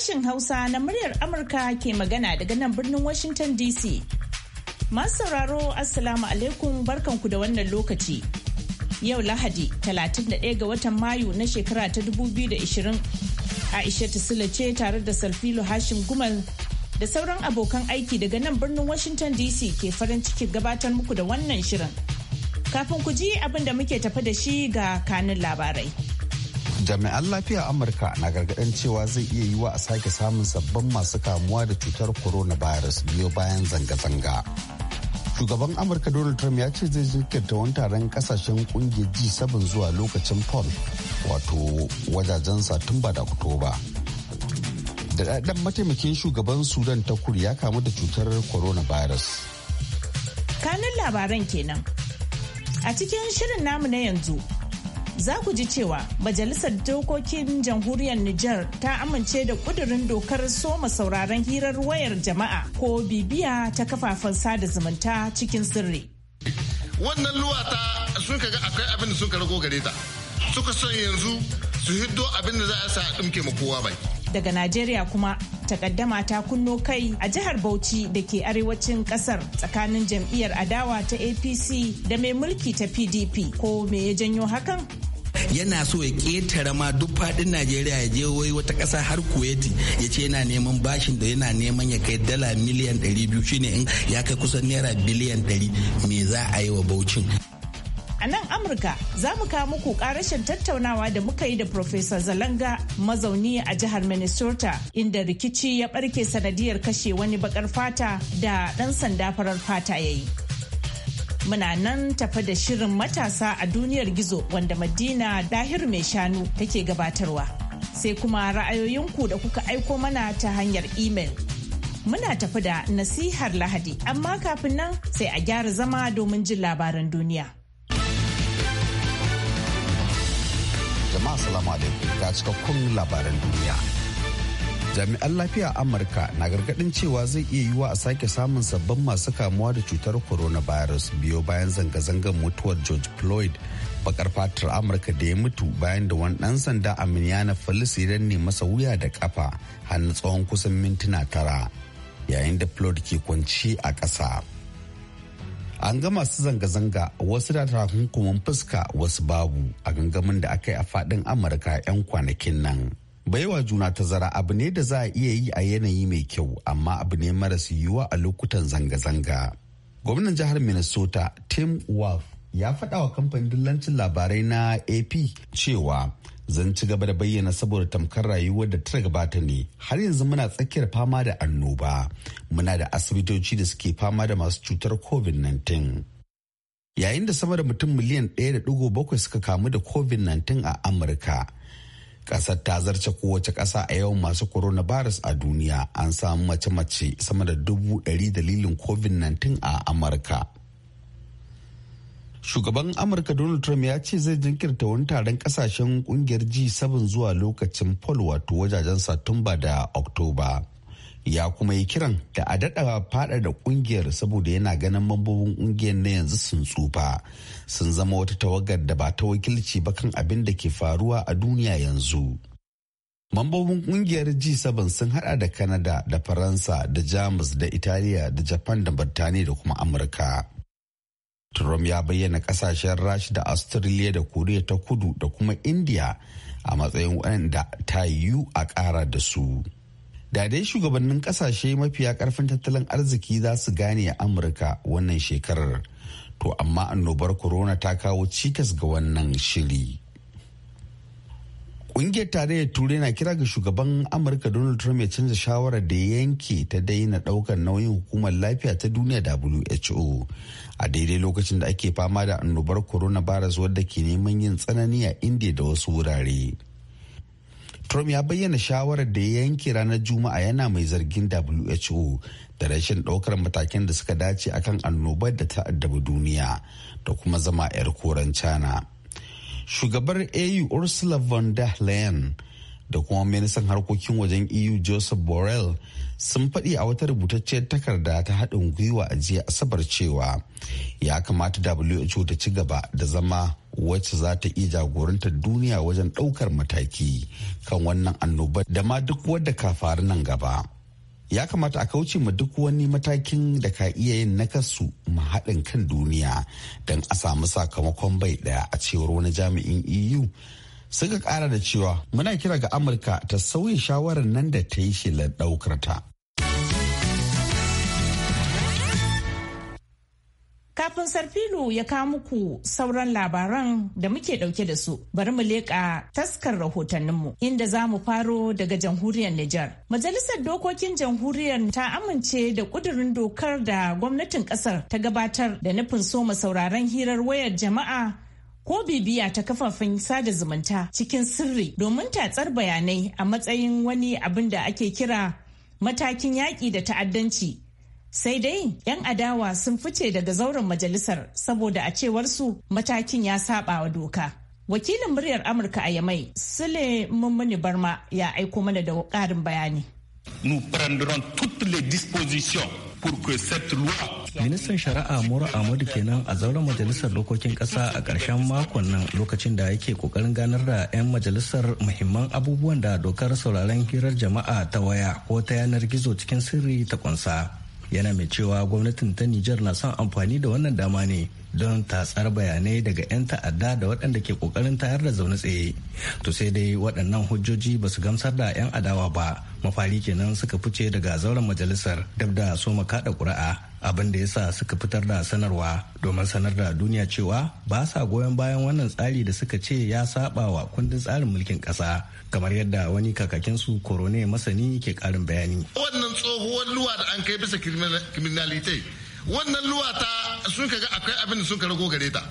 sashen Hausa na muryar Amurka ke magana daga nan birnin Washington DC. Masu sauraro Assalamu alaikum barkanku da wannan lokaci. Yau Lahadi 31 ga watan Mayu na shekara ta 2020 Aisha Sula ce tare da Salfilo Hashim Gumal da sauran abokan aiki daga nan birnin Washington DC ke farin ciki gabatar muku da wannan shirin. Kafin ku ji abin da muke tafi da shi ga kanin labarai. jami'an lafiya amurka na gargaɗin cewa zai iya yiwa a sake samun sabbin masu kamuwa da cutar coronavirus biyo bayan zanga-zanga shugaban amurka donald trump ya ce zai jinkirta wani taron kasashen kungiyar G7 zuwa lokacin paul wato wajajen satumba da oktoba da mataimakin shugaban sudan ta kudu ya kamu da cutar coronavirus kanin labaran kenan a cikin shirin namu na yanzu za ku ji cewa Majalisar Dokokin Jamhuriyar Nijar ta amince da kudurin dokar soma sauraron hirar wayar jama'a ko bibiya ta kafafen sada zumunta cikin sirri. Wannan luwata sun kaga akwai abin da sun rago gare ta. Suka son yanzu su hiddo abin da za a sa a ɗumke kowa bai. Daga Najeriya kuma takaddama ta kunno kai a jihar Bauchi da ke arewacin kasar tsakanin jam'iyyar adawa ta APC da mai mulki ta PDP ko me ya janyo hakan? yana so ya ketare ma duk fadin najeriya ya je wai wata kasa har kuwaiti ya ce yana neman bashin da yana neman ya kai dala miliyan 200 shine in ya kai kusan naira biliyan 100 me za a yi wa baucin a nan Amurka za mu kawo muku karashin tattaunawa da muka yi da Profesa Zalanga mazauni a jihar Minnesota inda rikici ya barke sanadiyar kashe wani bakar fata da ɗan sanda farar fata ya yi. Muna nan tafa da shirin matasa a duniyar gizo wanda Madina Dahir mai shanu take gabatarwa. Sai kuma ra'ayoyinku da kuka aiko mana ta hanyar imel. Muna tafi da nasihar Lahadi, amma kafin nan sai a gyara zama domin jin labaran duniya. Assalamu alaikum ga cikakkun labaran duniya jami'an lafiya amurka na gargadin cewa zai iya yiwuwa a sake samun sabbin masu kamuwa da cutar coronavirus biyo bayan zanga-zangar mutuwar george floyd bakar fatar amurka da ya mutu bayan da wani ɗan sanda a na felis ya ne masa wuya da kafa hannu tsawon kusan mintuna tara yayin da floyd ke kwanci a ƙasa. an ga masu zanga-zanga wasu da takunkumin fuska wasu babu a gangamin da aka yi a fadin amurka 'yan kwanakin nan baiwa juna tazara abu ne da za a iya yi a yanayi mai kyau amma abu ne maras yiwuwa a lokutan zanga-zanga gwamnan jihar minnesota tim wolf ya faɗa wa kamfanin dillancin labarai na ap cewa zan ci gaba da bayyana saboda tamkar rayuwar da ta gabata ne har yanzu muna tsakiyar fama da annoba muna da asibitoci da suke fama da masu cutar covid-19 yayin da sama da mutum miliyan 1.7 suka kamu da covid-19 a amurka Ƙasar ta zarce kowace ƙasa a yawan masu coronavirus a duniya an samu mace-mace sama da dubu ɗari dalilin covid-19 a amurka shugaban amurka donald trump ya ce zai jinkirta wani taron kasashen kungiyar g7 zuwa lokacin paul wato wajajen satumba da oktoba ya kuma yi kiran da a daɗa fada da kungiyar saboda yana ganin mambobin kungiyar na yanzu sun tsufa sun zama wata tawagar da ba ta wakilci ba kan abin da ke faruwa a duniya yanzu mambobin kungiyar g7 sun hada da Kanada da faransa da jamus da italiya da japan da birtaniya da kuma amurka Trump ya bayyana kasashen Rasha da Australia da Koriya ta kudu da kuma India a matsayin waɗanda ta yiwu a ƙara da su. Da dai shugabannin kasashe mafiya ƙarfin tattalin arziki za su gane a Amurka wannan shekarar. To amma annobar corona ta kawo cikas ga wannan shiri. Ƙungiyar tarayyar Turai na kira ga shugaban Amurka Donald Trump ya canza shawarar da yanke ta daina ɗaukar nauyin hukumar lafiya ta duniya WHO a daidai lokacin da ake fama da annobar Corona coronavirus wadda ke neman yin tsanani a india da wasu wurare trump ya bayyana shawarar da ya yanke ranar juma'a yana mai zargin who da rashin ɗaukar matakin da suka dace akan annobar da ta addabi duniya da kuma zama 'yar koren china shugabar au ursula von der leyen da kuma ministan harkokin wajen eu joseph borrell sun faɗi a wata rubutacciyar takarda ta haɗin gwiwa a jiya asabar cewa ya kamata who ta ci gaba da zama wacce za ta iya jagorantar duniya wajen ɗaukar mataki kan wannan annobar da ma duk wadda ka faru nan gaba ya kamata a kauce ma duk wani matakin da ka iya yin nakasu ma haɗin kan duniya don a samu sakamakon bai ɗaya a cewar wani jami'in eu suka kara da cewa muna kira ga amurka ta sauya shawarar nan da ta yi shelar daukar ta kafin sarfilu ya kawo muku sauran labaran da muke dauke da su bari mu leƙa taskar rahotanninmu inda za mu faro daga jamhuriyar Nijar. Majalisar dokokin jamhuriyar ta amince da ƙudurin dokar da gwamnatin ƙasar ta gabatar da nufin soma sauraron hirar wayar jama'a ko bibiya ta kafafen sada zumunta cikin sirri domin tatsar bayanai a matsayin wani abin da ake kira matakin yaƙi da ta'addanci. Sai dai 'yan adawa sun fice daga zauren majalisar saboda a cewar su matakin ya saba wa doka. Wakilin muryar Amurka a Yamai, Sule Mummuni Barma ya aiko mana da ƙarin bayani. Nous prendrons toutes les Ministan Shari'a Mura Ahmadu kenan a zauren majalisar dokokin ƙasa a ƙarshen makon nan lokacin da yake ƙoƙarin ganar da 'yan majalisar muhimman abubuwan da dokar sauraren hirar jama'a ta waya ko ta yanar gizo cikin sirri ta kunsa. Yana mai cewa gwamnatin ta Nijar na son amfani da wannan dama ne don tatsar bayanai daga 'yan ta'adda da waɗanda ke ƙoƙarin tayar da zaune tsaye to sai dai waɗannan hujjoji ba su gamsar da 'yan adawa ba mafari kenan suka fice daga zauren majalisar dab da soma kaɗa ƙuri'a abin da ya sa suka fitar da sanarwa domin sanar da duniya cewa ba sa goyon bayan wannan tsari da suka ce ya saba wa kundin tsarin mulkin ƙasa. kamar yadda wani kakakin su korone masani ke karin bayani wannan tsohuwar luwa da an kai bisa criminality wannan luwa ta sun ga akwai abin da sun ka rago gare ta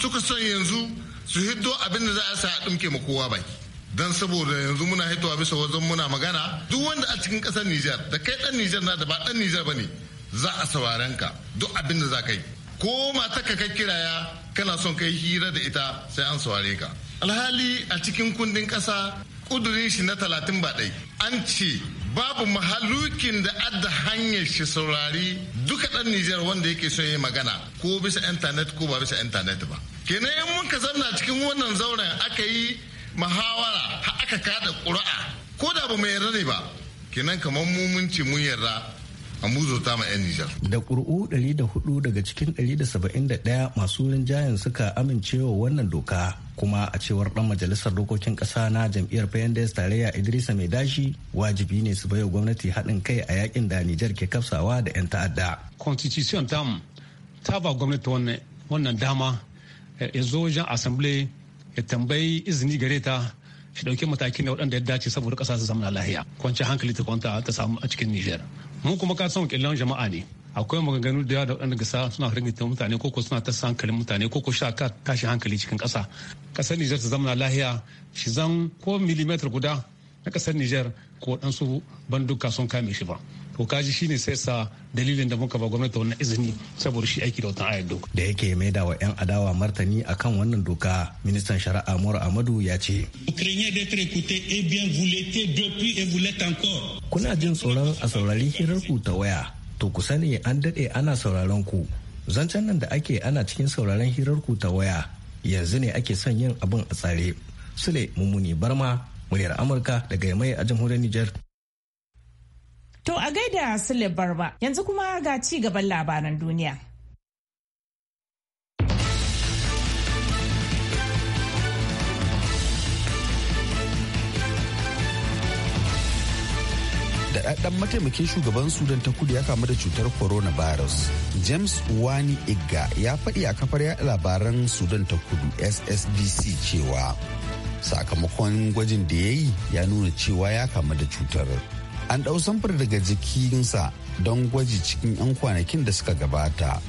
suka son yanzu su hiddo abin da za a sa a dumke ma kowa baki dan saboda yanzu muna hitowa bisa wajen muna magana duk wanda a cikin kasar Nijar da kai dan Nijar na da ba dan Nijar bane za a sauraren ka duk abin da za ka yi ko ta ka kai kiraya kana son kai hira da ita sai an saurare ka alhali a cikin kundin kasa kudurin shi na talatin ba ɗai an ce babu mahalukin da adda hanyar shi saurari duka dan Nijar wanda yake so yi magana ko bisa intanet ko ba bisa intanet ba kenan in mun ka zanna cikin wannan zauren aka yi muhawara aka kada ƙuri'a ko da ba mu yarda ne ba kenan kamar mu mun ce mun yarda a ta ma 'yan Nijar. Da ƙuri'u 104 daga cikin 171 masu rinjayen suka amincewa wannan doka kuma a cewar ɗan majalisar dokokin ƙasa na jam'iyyar Fayandes tarayya Idrisa Mai dashi wajibi ne su baiwa gwamnati haɗin kai a yakin da Nijar ke kafsawa da 'yan ta'adda. Constitution tam ta ba gwamnati wannan dama eh, ya zo wajen assembly ya tambayi izini gare ta shi dauke matakin da waɗanda ya dace saboda ƙasa su zama lahiya kwanci hankali ta kwanta ta samu a cikin Nijar. mu kuma ka san wakilan jama'a ne akwai maganganu da yawa da waɗanda gasa suna rigita mutane ko ko suna tasa hankalin mutane ko ko shaka tashi hankali cikin kasa kasar niger ta zama lahiya shi zan ko milimetar guda na kasar niger ko waɗansu banduka sun kame shi ba to kaji shine sai sa dalilin da muka ba gwamnati wannan izini saboda shi aiki da wata ayar doka da yake mai da wa yan adawa martani akan wannan doka ministan shari'a Mor Amadu ya ce kuna jin tsoron a saurari hirar ku ta waya to ku sani an dade ana sauraron ku zancen nan da ake ana cikin sauraron hirar ku ta waya yanzu ne ake son yin abin a tsare sule mummuni barma muryar amurka daga yamai a jamhuriyar niger To a gaida Sule Barba yanzu kuma ga ci gaban labaran duniya. daɗaɗɗen mataimakin shugaban sudan ta kudu ya kamu da cutar coronavirus james wani igga ya faɗi a kafar yaɗa labaran sudan ta kudu ssbc cewa sakamakon gwajin da ya yi ya nuna cewa ya kamu da cutar an ɗau samfur daga jikinsa don gwaji cikin 'yan kwanakin da suka gabata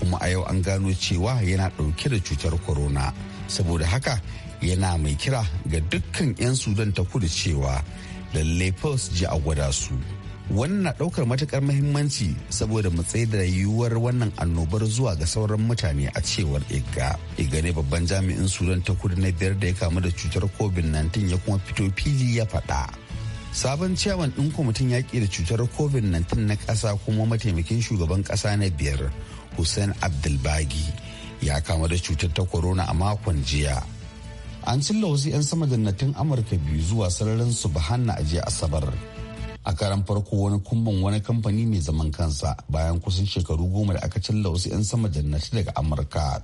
kuma a yau an gano cewa yana ɗauke da cutar corona saboda haka yana mai kira ga dukkan 'yan sudan ta kudu cewa lalle su ji a gwada su wannan ɗaukar matukar mahimmanci saboda mu da yiwuwar wannan annobar zuwa ga sauran mutane a cewar igga igga ne babban jami'in sudan ta kudu na biyar da ya kamu da cutar covid-19 ya kuma fito fili ya faɗa sabon ciyaman ɗin kwamitin yaƙi da cutar covid-19 na ƙasa kuma mataimakin shugaban ƙasa na biyar hussein abdulbagi ya kama da cutar ta corona a makon jiya an cilla wasu 'yan sama jannatin amurka biyu zuwa sararin su a jiya asabar a karan farko wani kumban wani kamfani mai zaman kansa bayan kusan shekaru goma da aka cilla wasu 'yan sama jannati daga amurka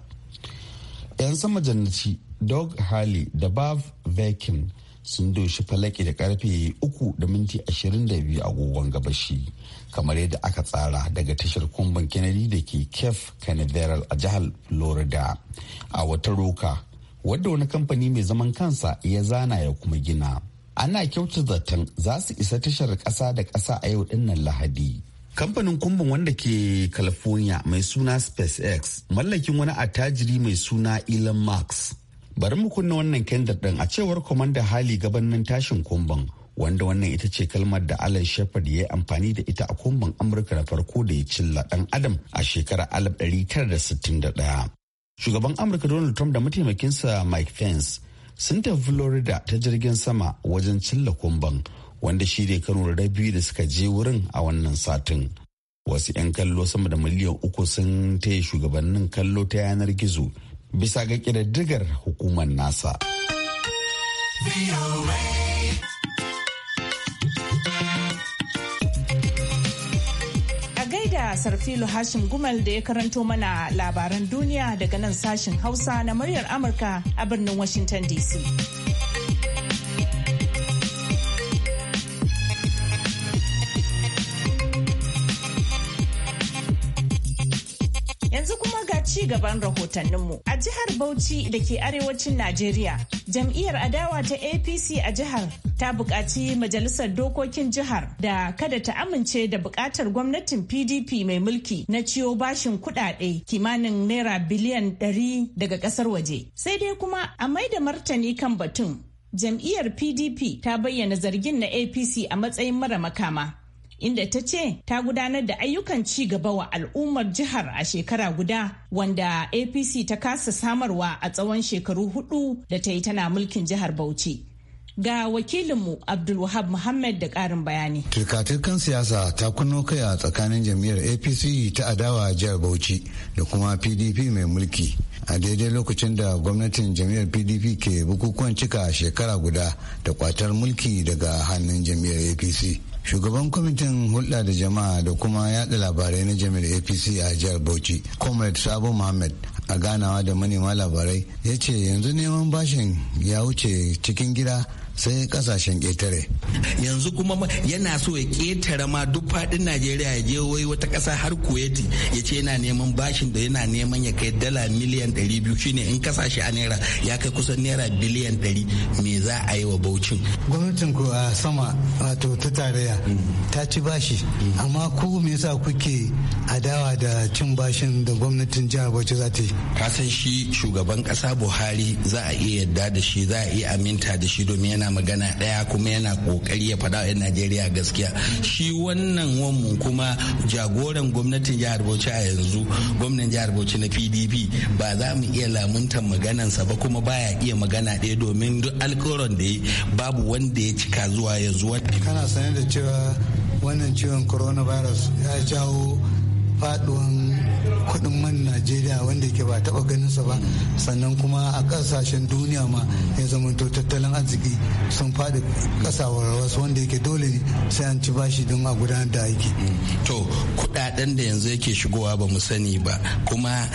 'yan sama jannati dog hali da bav vikings. sun doshi falaki da karfe uku da minti biyu agogon gabashi kamar yadda aka tsara daga tashar kumban kennedy da ke kef canaveral a jihar florida a wata roka wadda wani kamfani mai zaman kansa ya zana ya kuma gina ana kyauta zaton za su isa tashar kasa da kasa a yau dinnan lahadi kamfanin kumbin wanda ke california mai suna spacex mallakin wani attajiri mai suna elon musk bari mu kunna wannan kendar din a cewar kwamanda hali gabanin tashin kumban wanda wannan ita ce kalmar da alan shepard ya yi amfani da ita a kumban amurka na farko da ya cilla dan adam a shekarar 1961 shugaban amurka donald trump da mataimakinsa mike pence sun tafi florida ta jirgin sama wajen cilla kumban wanda shi ne karo da biyu da suka je wurin a wannan satin wasu 'yan kallo sama da miliyan uku sun taya shugabannin kallo ta yanar gizo bisa ga kididdigar hukumar nasa. A gaida Sarfilu Hashim Gumal da ya karanto mana labaran duniya daga nan sashin Hausa na muryar Amurka a birnin Washington DC. ci gaban rahotanninmu. A jihar Bauchi da ke arewacin Najeriya, jam'iyyar adawa ta APC a jihar ta buƙaci majalisar dokokin jihar da kada ta amince da buƙatar gwamnatin PDP mai mulki na ciyo bashin kuɗaɗe kimanin naira biliyan 100 daga ƙasar waje. Sai dai kuma a mai da martani kan batun. Jam'iyyar PDP ta bayyana zargin na APC a matsayin mara makama. inda ta ce ta gudanar da ayyukan ci gaba wa al'ummar jihar a shekara guda wanda apc ta kasa samarwa a tsawon shekaru hudu da ta yi tana mulkin jihar bauchi ga wakilinmu abdulwahab muhammad da karin bayani turkaturkan siyasa ta kunno kai a tsakanin jam'iyyar apc ta adawa jihar bauchi da kuma pdp mai mulki a daidai lokacin da gwamnatin jam'iyyar pdp ke bukukuwan cika shekara guda da kwatar mulki daga hannun jam'iyyar apc shugaban kwamitin hulɗa da jama'a da kuma yada labarai na jami'ar apc a jihar bauchi comrade sabo mohammed a ganawa da manema labarai ya ce yanzu neman bashin ya wuce cikin gida sai kasashen ƙetare. yanzu kuma yana so ya ƙetare ma duk faɗin najeriya ya je wai wata ƙasa har kuwaiti ya ce yana neman bashin da yana neman ya kai dala miliyan biyu shine in kasashe a naira ya kai kusan naira biliyan 100 me za a yi wa baucin gwamnatin ku a sama wato ta tarayya mm. ta ci bashi mm. amma ku me yasa kuke adawa da cin bashin da gwamnatin jihar bauchi za ta yi ka san shi shugaban ƙasa buhari za a iya yadda da shi za a iya aminta da shi domin yana magana ɗaya kuma yana kokari ya faɗa 'yan najeriya gaskiya shi wannan wanmu kuma jagoran gwamnatin jihar bauchi a yanzu gwamnan jihar bauchi na pdp ba za mu iya lamuntan sa ba kuma baya iya magana ɗaya domin duk alkawarin da babu wanda ya cika zuwa yanzu kana sanar da cewa wannan ciwon coronavirus ya jawo faduwan kuɗin man najeriya wanda yake ba taɓa ganin sa ba sannan kuma a kasashen duniya ma ya zamanto tattalin arziki sun faɗi ƙasawar wasu wanda yake dole ne sai an ci bashi don a gudanar da aiki to kuɗaɗen da yanzu yake shigowa ba mu sani ba kuma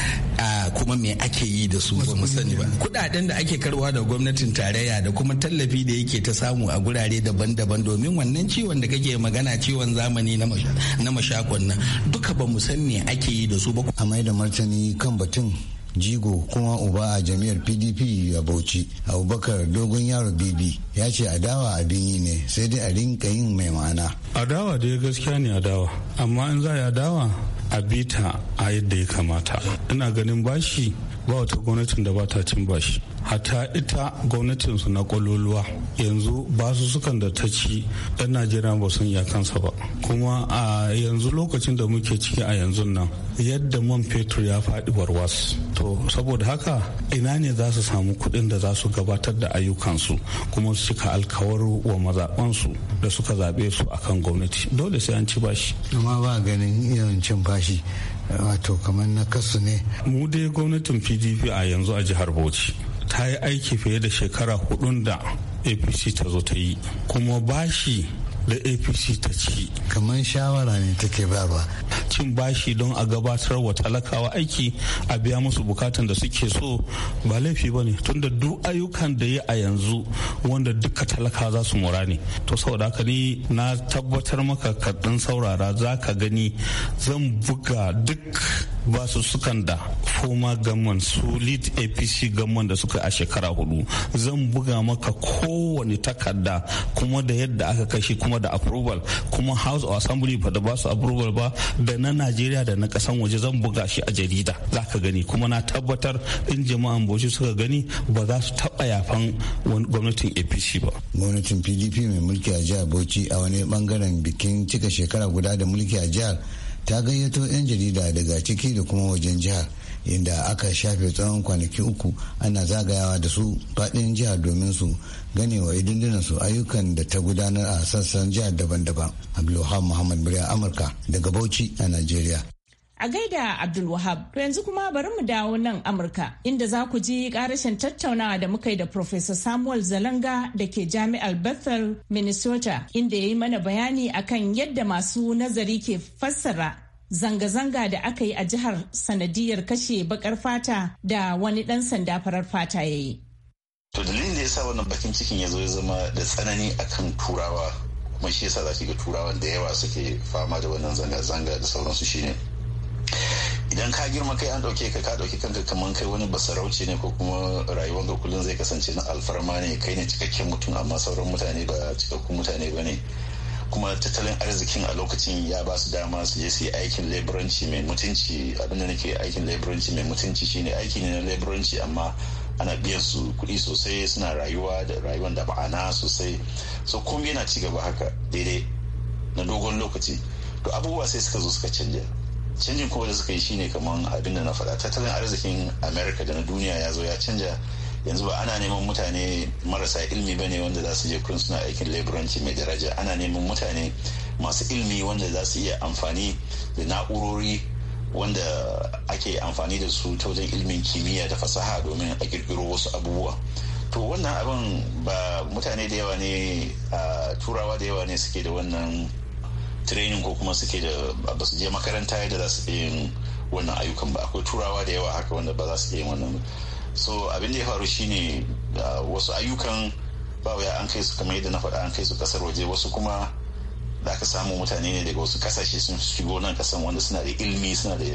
kuma me ake yi da su ba mu sani ba kuɗaɗen da ake karwa da gwamnatin tarayya da kuma tallafi da yake ta samu a gurare daban-daban domin wannan ciwon da kake magana ciwon zamani na mashakon nan duka ba mu san me ake yi da su ba mai da martani kan batun jigo kuma uba a jami'ar pdp a bauchi abubakar dogon yaro bibi ya ce adawa abin yi ne sai dai a rinka yin mai ma'ana adawa da dai gaskiya ne adawa amma in za a yi adawa a bita a yadda ya kamata ina ganin bashi ba wata gwamnatin da ba ta cin bashi hata ita gwamnatinsu na kwaloluwa yanzu ba su sukan da ta ci ɗan najeriya ba sun iya kansa ba kuma a yanzu lokacin da muke ciki a yanzu nan yadda man fetur ya faɗi warwas to saboda haka ina ne za su samu kuɗin da za su gabatar da ayyukansu kuma su cika alkawar wa mazaɓansu da suka zaɓe su akan gwamnati dole sai an ci bashi amma ba ganin yawancin bashi wato kamar na kasu ne mu dai gwamnatin pdp a yanzu a jihar bauchi ta yi aiki fiye da shekara hudun da apc ta zo ta yi kuma bashi da apc ta ci kamar shawara ne take ba. cin bashi don a gabatar wa talakawa aiki a biya musu bukatan da suke so ba laifi ba ne tunda duk ayyukan da ya a yanzu wanda duka talaka za su mura ne to saboda haka ni na tabbatar maka kaɗan saurara za ka gani zan buga duk basu sukan da foma gamman su lead apc gamman da suka a shekara hudu zan buga maka kowane takarda kuma da yadda aka kashi kuma da approval kuma house of assembly ba da ba su approval ba da na najeriya da na kasan waje zan buga shi a jarida za ka gani kuma na tabbatar in jama'an boshi suka gani ba za su taɓa yafan gwamnatin apc ba gwamnatin pdp mai mulki a jihar bauchi a wani bangaren bikin cika shekara guda da mulki a jihar ta gayyato 'yan jarida daga ciki da kuma wajen jihar inda aka shafe tsawon kwanaki uku ana zagayawa da su fadin jihar domin su ganewa idundunan su ayyukan da ta gudanar a sassan jihar daban-daban abdulhamid muhammad murya amurka daga bauchi a nigeria A gaida abdulwahab to yanzu kuma bari mu dawo nan Amurka inda za ku ji karashin tattaunawa da muka yi da Professor Samuel Zalanga da ke Jami'ar Bethel, Minnesota, inda ya yi mana bayani akan yadda masu nazari ke fassara zanga-zanga da aka yi a jihar sanadiyar kashe bakar fata da wani dan sanda farar fata ya yi. To dalilin da ya sa wannan bakin cikin ya zo ya zama da tsanani akan turawa kuma shi yasa za ga turawan da yawa suke fama da wannan zanga-zanga da sauransu shine idan ka girma kai an dauke ka ka ɗauki kanka kamar kai wani basarauce ne ko kuma rayuwar ka kullum zai kasance na alfarma ne kai ne cikakken mutum amma sauran mutane ba cikakkun mutane ba ne kuma tattalin arzikin a lokacin ya ba su dama su je su yi aikin leburanci mai mutunci abinda nake aikin leburanci mai mutunci shine aiki ne na leburanci amma ana biyan su kuɗi sosai suna rayuwa da rayuwar da ba'ana sosai so komai yana ci gaba haka daidai na dogon lokaci to abubuwa sai suka zo suka canja canjin kowa da suka yi shine kamar abin da na faɗa tattalin arzikin america da na duniya ya zo ya canja yanzu ba ana neman mutane marasa ilmi ba ne wanda za su je kurin suna aikin leburanci mai daraja ana neman mutane masu ilmi wanda za su iya amfani da na'urori wanda ake amfani da su ta wajen ilmin kimiyya da fasaha domin a kirkiro wasu abubuwa to wannan abin ba mutane da yawa ne turawa da yawa ne suke da wannan training ko kuma suke da ba su je makaranta yadda za su yin wannan ayyukan ba akwai turawa da yawa haka wanda ba za su iya yin wannan so abin da ya faru shine ah, wasu ayyukan ba wuya an kai su kamar yadda na faɗa an kai su kasar waje wasu kuma da aka samu mutane ne daga wasu kasashe sun shigo nan kasan wanda suna da ilmi suna da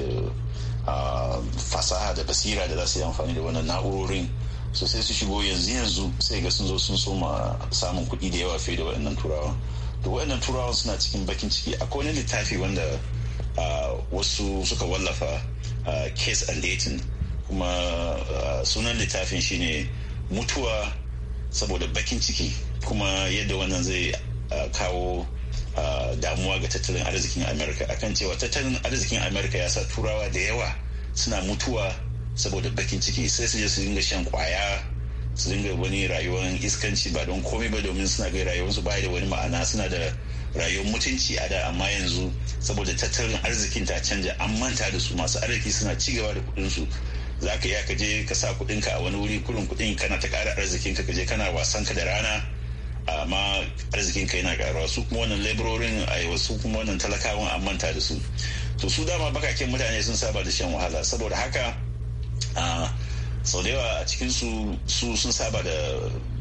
ah, fasaha da basira da za su yi amfani da wannan na'urorin so sai su shigo yanzu yanzu sai ga sun zo sun soma samun kuɗi da yawa fiye da waɗannan turawa da wa'annan turawan suna cikin bakin ciki akwai wani littafi wanda wasu suka wallafa case and dating kuma sunan littafin shine mutuwa saboda bakin ciki kuma yadda wannan zai kawo damuwa ga tattalin arzikin amerika akan cewa tattalin arzikin amerika ya sa turawa da yawa suna mutuwa saboda bakin ciki sai su je su dinga shan kwaya su dinga wani rayuwar iskanci ba don komai ba domin suna kai rayuwarsu ba da wani ma'ana suna da rayuwar mutunci a da amma yanzu saboda tattalin arzikin ta canja an manta da su masu arziki suna ci gaba da kuɗinsu za ka iya ka je ka sa kuɗinka a wani wuri kurin kuɗin kana ta kara arzikin ka je kana wasan ka da rana amma arzikin ka yana karuwa su kuma wannan laborin a wasu kuma wannan talakawan an manta da su to su dama bakaken mutane sun saba da shan wahala saboda haka ah, sau da yawa a cikin su su sun saba da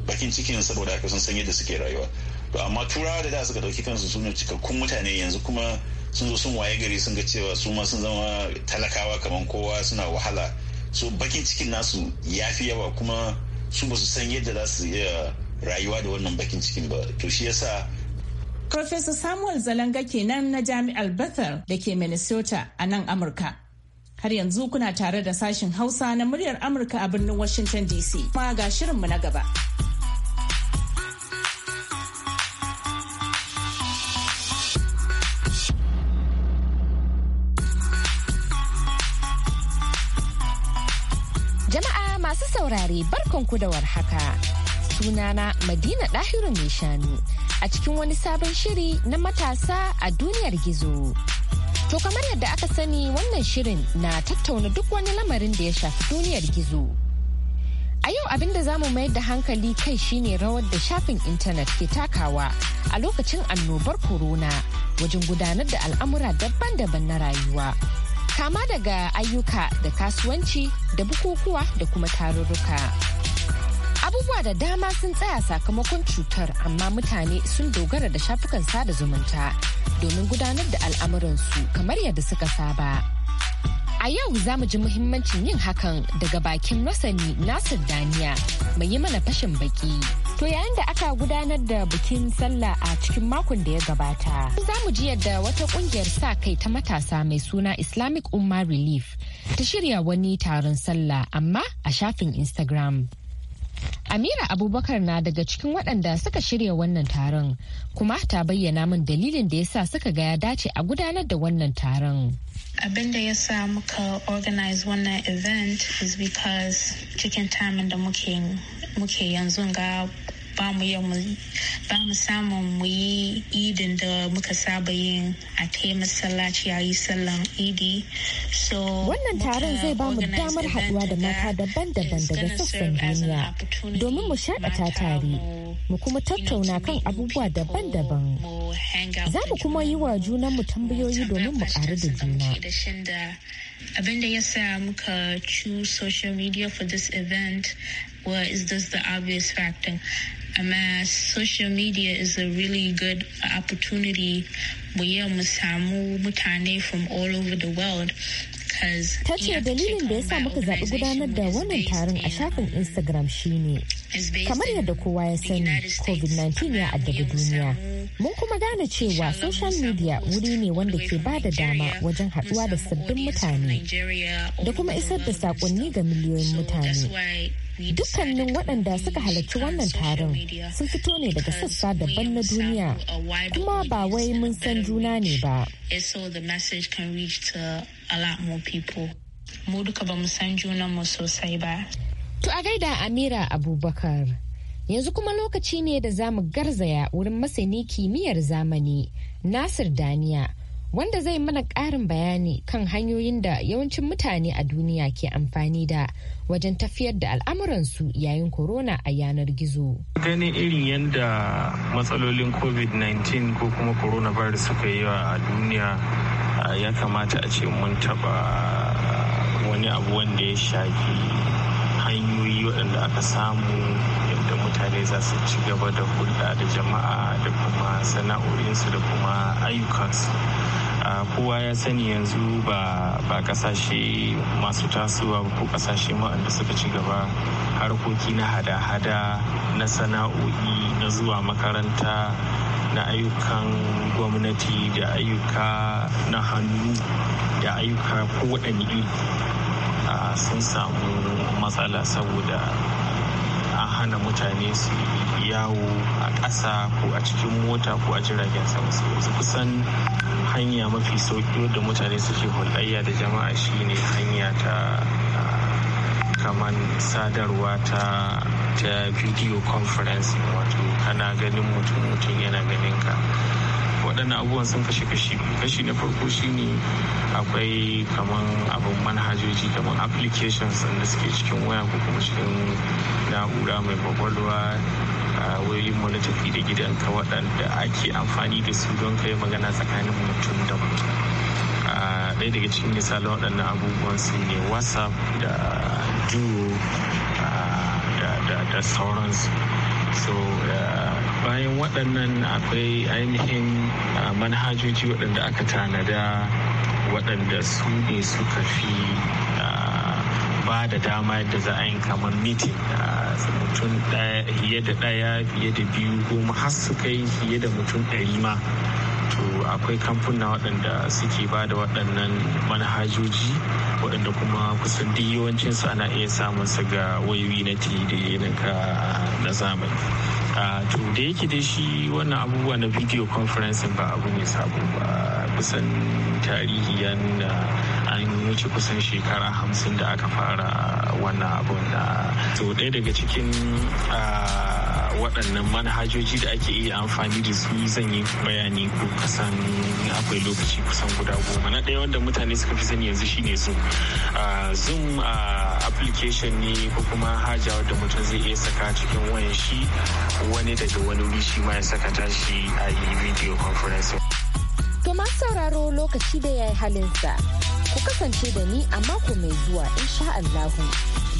bakin cikin saboda haka sun san yadda suke rayuwa to amma turawa da da suka dauki kansu su ne cikakkun mutane yanzu kuma sun zo sun waye gari sun ga cewa su ma sun zama talakawa kamar kowa suna wahala so bakin cikin nasu ya fi yawa kuma su ba su san yadda za su iya rayuwa da wannan bakin cikin ba to shi yasa Professor Samuel Zalanga kenan na Jami'ar Bethel da ke Minnesota a nan Amurka. Har yanzu kuna tare da sashin Hausa na muryar Amurka a birnin Washington DC. Kuma ga shirinmu na gaba. Jama'a masu saurare barkanku da warhaka. Sunana Madina Dahiru mai shanu a cikin wani sabon shiri na matasa a duniyar gizo. To kamar yadda aka sani wannan shirin na tattauna duk wani lamarin da ya shafi duniyar gizo. A yau abin da zamu mayar da hankali kai shine rawar da shafin intanet ke takawa a lokacin annobar corona wajen gudanar da al'amura daban-daban na rayuwa. Kama daga ayyuka da kasuwanci da bukukuwa da kuma tarurruka. abubuwa da dama sun tsaya sakamakon cutar amma mutane sun dogara da shafukan sada zumunta domin gudanar da al'amuransu kamar yadda suka saba. A yau za mu ji muhimmancin yin hakan daga bakin masani Nasir Daniya mai yi mana fashin baki. To yayin da aka gudanar da bikin sallah a cikin makon da ya gabata, za mu ji yadda wata kungiyar sa kai ta matasa mai suna Islamic Umma Relief ta shirya wani taron sallah amma a shafin Instagram. Amira Abubakar na daga cikin waɗanda suka shirya wannan taron kuma ta bayyana min dalilin da ya sa suka ga ya dace a gudanar da wannan taron. Abin da ya sa muka organize wannan event is because cikin tamin da muke yanzu ga ba mu ba mu samun mu yi idin da muka saba yin a kai masallaci a yi sallan idi so wannan taron zai ba mu damar haɗuwa da mata daban-daban daga sassan duniya domin mu shaɗata tare mu kuma tattauna kan abubuwa daban-daban za mu kuma yi wa junan mu tambayoyi domin mu ƙaru da juna abinda ya sa muka choose social media for this event was well, this the obvious factor amma social media is a really good opportunity mu mu samu mutane from all over the world ta ce dalilin da ya sa muka zaɓi gudanar da wannan taron a shafin instagram shine kamar yadda kowa ya sani covid-19 ya addabi duniya mun kuma gane cewa social media wuri ne wanda ke ba da dama wajen haɗuwa da sabbin mutane da kuma isar da saƙonni ga miliyoyin mutane Dukkanin waɗanda suka halarci wannan taron sun fito ne daga sassa daban na duniya, kuma ba wai mun san juna ne ba. Mu duka ba mu san mu sosai ba. To a gaida Amira Abubakar. Yanzu kuma lokaci ne da zamu mu garzaya wurin masani kimiyyar zamani Nasir Daniya wanda zai mana ƙarin bayani kan hanyoyin da yawancin mutane a duniya ke amfani da wajen tafiyar da al'amuransu yayin corona a yanar gizo. Ganin irin yadda matsalolin COVID-19 ko kuma coronavirus suka yi a duniya ya kamata a ce mun taɓa wani abu wanda ya shafi hanyoyi waɗanda aka samu mutane za su ci gaba da hulɗa da jama'a da kuma sana'o'insu da kuma ayyukansu kowa ya sani yanzu ba ƙasashe kasashe masu tasowa ko kasashe ma'anda suka ci gaba harkoki na hada-hada na sana'o'i na zuwa makaranta na ayyukan gwamnati da ayyuka na hannu da ayyuka ko waɗanne iri sun samu matsala saboda hana mutane su yawo a ƙasa ko a cikin mota ko a jiragen sama su kusan hanya mafi sauƙi da mutane suke hulɗayya da jama'a shine hanya ta ah, kamar sadarwa ta ta video conferencing wato kana ganin mutum mutum yana ganin ka waɗannan abubuwan sun kashe kashi kashi na farko shine akwai kamar abin manhajoji kamar applications da suke cikin waya ko kuma cikin na'ura mai kwakwalwa wayoyin mu na tafi da gidanka waɗanda ake amfani da su don kai magana tsakanin mutum da mutum ɗaya daga cikin misalin waɗannan abubuwan su ne whatsapp da duo da sauransu so bayan waɗannan akwai ainihin manhajoji waɗanda aka tanada waɗanda su ne suka fi ba da dama yadda za a yi kamar mitin mutum fiye da ɗaya fiye da biyu goma har su kai fiye da mutum ɗari ma to akwai kamfuna waɗanda suke ba da waɗannan manhajoji waɗanda kuma kusan duk yawancinsu ana iya samun su ga wayoyi na tv da na zamani to da yake da shi wannan abubuwa na video conferencing ba abu ne sabo ba kusan tarihiyan an wuce kusan shekara hamsin da aka fara wannan abun da so ɗaya daga cikin waɗannan manhajoji da ake iya amfani da su zan yi bayani ko kasan akwai lokaci kusan guda goma na ɗaya wanda mutane suka fi sani yanzu shine zoom zoom application ne ko kuma haja da mutum zai iya saka cikin wayan shi wani daga wani wuri shi ma ya saka tashi a yi video conference. To ma sauraro lokaci da ya yi halinsa. Ku kasance da ni a mako mai zuwa insha Allahu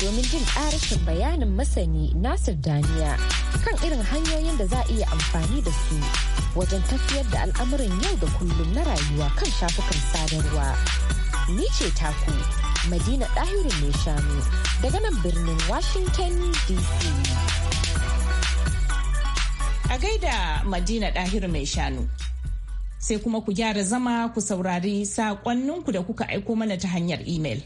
domin jin ƙarashin bayanin masani Nasir Daniya kan irin hanyoyin da za a iya amfani da su wajen tafiyar da al'amuran yau da kullum na rayuwa kan shafukan sadarwa. Ni ce taku Madina Dahirin ne shanu daga nan birnin Washington DC. A gaida Madina Dahiru mai shanu. Sai kuma ku gyara zama ku saurari saƙonninku da kuka aiko mana ta hanyar imel.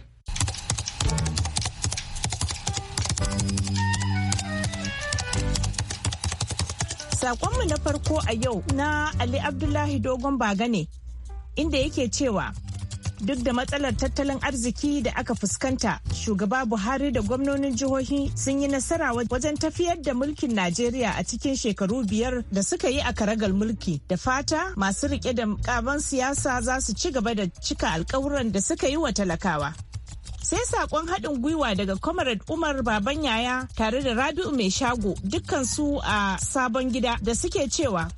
Saƙonmu na farko a yau na Ali Abdullahi Dogon Bagane inda yake cewa duk da matsalar tattalin arziki da aka fuskanta shugaba buhari da gwamnonin jihohi sun yi nasara wajen tafiyar da mulkin najeriya a cikin shekaru biyar da suka yi a karagal mulki da fata masu rike da kaban siyasa za su ci gaba da cika alkawuran da suka yi wa talakawa sai saƙon haɗin gwiwa daga comrade umar baban yaya tare da rabi'u mai shago dukkansu a sabon gida da suke cewa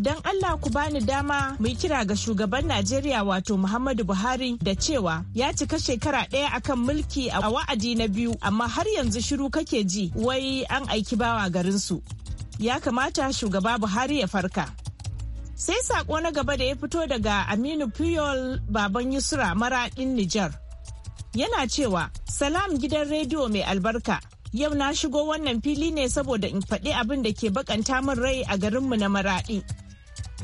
don Allah ku bani dama mu kira ga shugaban Najeriya wato Muhammadu Buhari da cewa ya cika shekara ɗaya akan mulki a wa'adi na biyu amma har yanzu shiru kake ji wai an aiki bawa garinsu. Ya kamata shugaba Buhari ya farka. Sai saƙo na gaba da ya fito daga Aminu Puyol Baban Yusra maraɗin Nijar. Yana cewa, Salam gidan rediyo mai albarka, yau na shigo wannan fili ne saboda in faɗi abin da ke bakanta min rai a garinmu na maraɗi.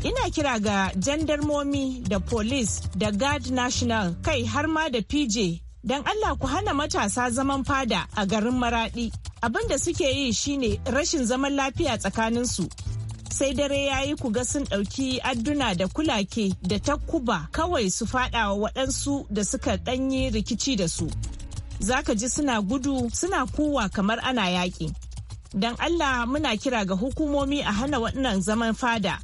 ina kira ga jandarmomi da police da guard national kai har ma da pj don allah ku hana matasa zaman fada a garin maradi abin da suke yi shine rashin zaman lafiya tsakanin su. sai dare ya yi ku ga sun ɗauki adduna da kulake da takuba kawai su fada wa waɗansu da suka ɗanyi rikici da su zaka ji suna gudu suna kowa kamar ana yaƙi don allah muna kira ga hukumomi a hana waɗannan zaman fada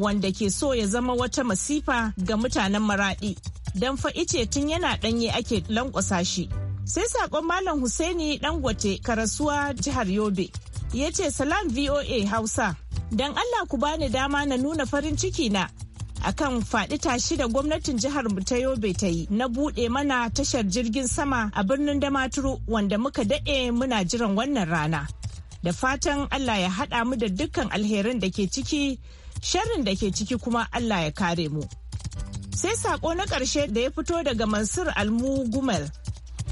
wanda ke so ya zama wata masifa ga mutanen maradi. don fa ice tun yana ɗanye ake lankwasa shi. Sai saƙon Malam Husaini Dangote Karasuwa jihar Yobe ya ce salam VOA Hausa don Allah ku bani dama na nuna farin ciki na akan faɗi tashi da gwamnatin jihar ta Yobe ta yi na buɗe mana tashar jirgin sama a birnin Damaturu wanda muka daɗe muna jiran wannan rana. Da fatan Allah ya haɗa mu da dukkan alherin da ke ciki sharrin da ke ciki kuma Allah ya kare mu. Sai sako na ƙarshe da ya fito daga Mansur Almu Gumel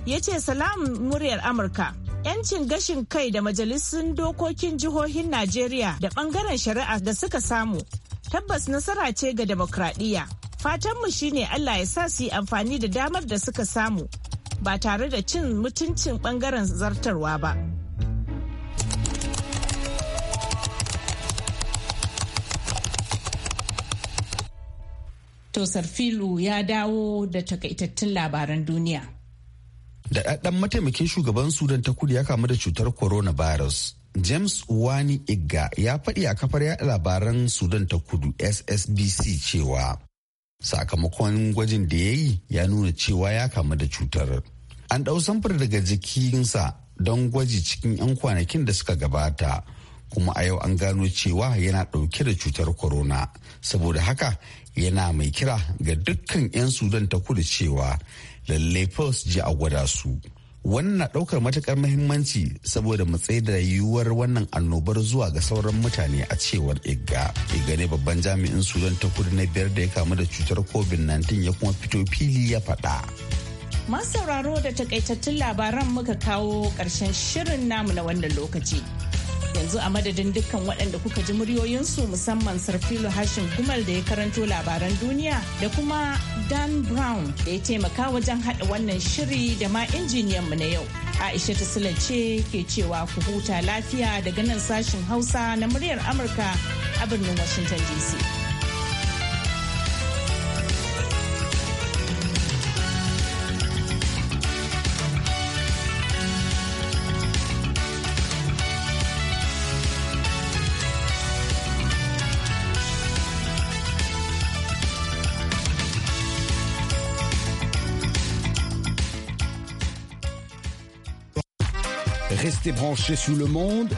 ya ce salamun muryar Amurka. 'Yancin gashin kai da majalisun dokokin jihohin Najeriya da ɓangaren shari'a da suka samu tabbas nasara ce ga demokradiyya. Fatanmu shine Allah ya sa su yi amfani da damar da suka samu ba tare da cin mutuncin ɓangaren zartarwa ba. To Sarfilu ya dawo da takaitattun labaran duniya. Da ɗaɗɗan mataimakin shugaban Sudan ta kudu ya kamu da cutar corona coronavirus. James Wani Igga ya faɗi a kafar yaɗa labaran Sudan ta kudu SSBC cewa sakamakon gwajin da ya yi ya nuna cewa ya kamu da cutar. An ɗau samfur daga jikinsa don gwaji cikin 'yan kwanakin da suka gabata kuma a yau an gano cewa yana ɗauke da cutar corona saboda haka yana mai kira ga dukkan 'yan sudan ta kudu cewa lalle fos ji a gwada su wannan na daukar matukar mahimmanci saboda matsayi da yiwuwar wannan annobar zuwa ga sauran mutane a cewar igga igga ne babban jami'in sudan ta kudu na biyar da ya kamu da cutar covid-19 ya kuma fito fili ya faɗa masu sauraro da takaitattun labaran muka kawo ƙarshen shirin namu na wannan lokaci yanzu a madadin dukkan waɗanda kuka ji muryoyinsu musamman sarfilo hashin gumal da ya karanto labaran duniya da kuma dan brown da ya taimaka wajen haɗa wannan shiri da ma injiniyan mu na yau aisha ta ce ke cewa ku huta lafiya daga nan sashin hausa na muryar amurka a birnin washington dc branché sous le monde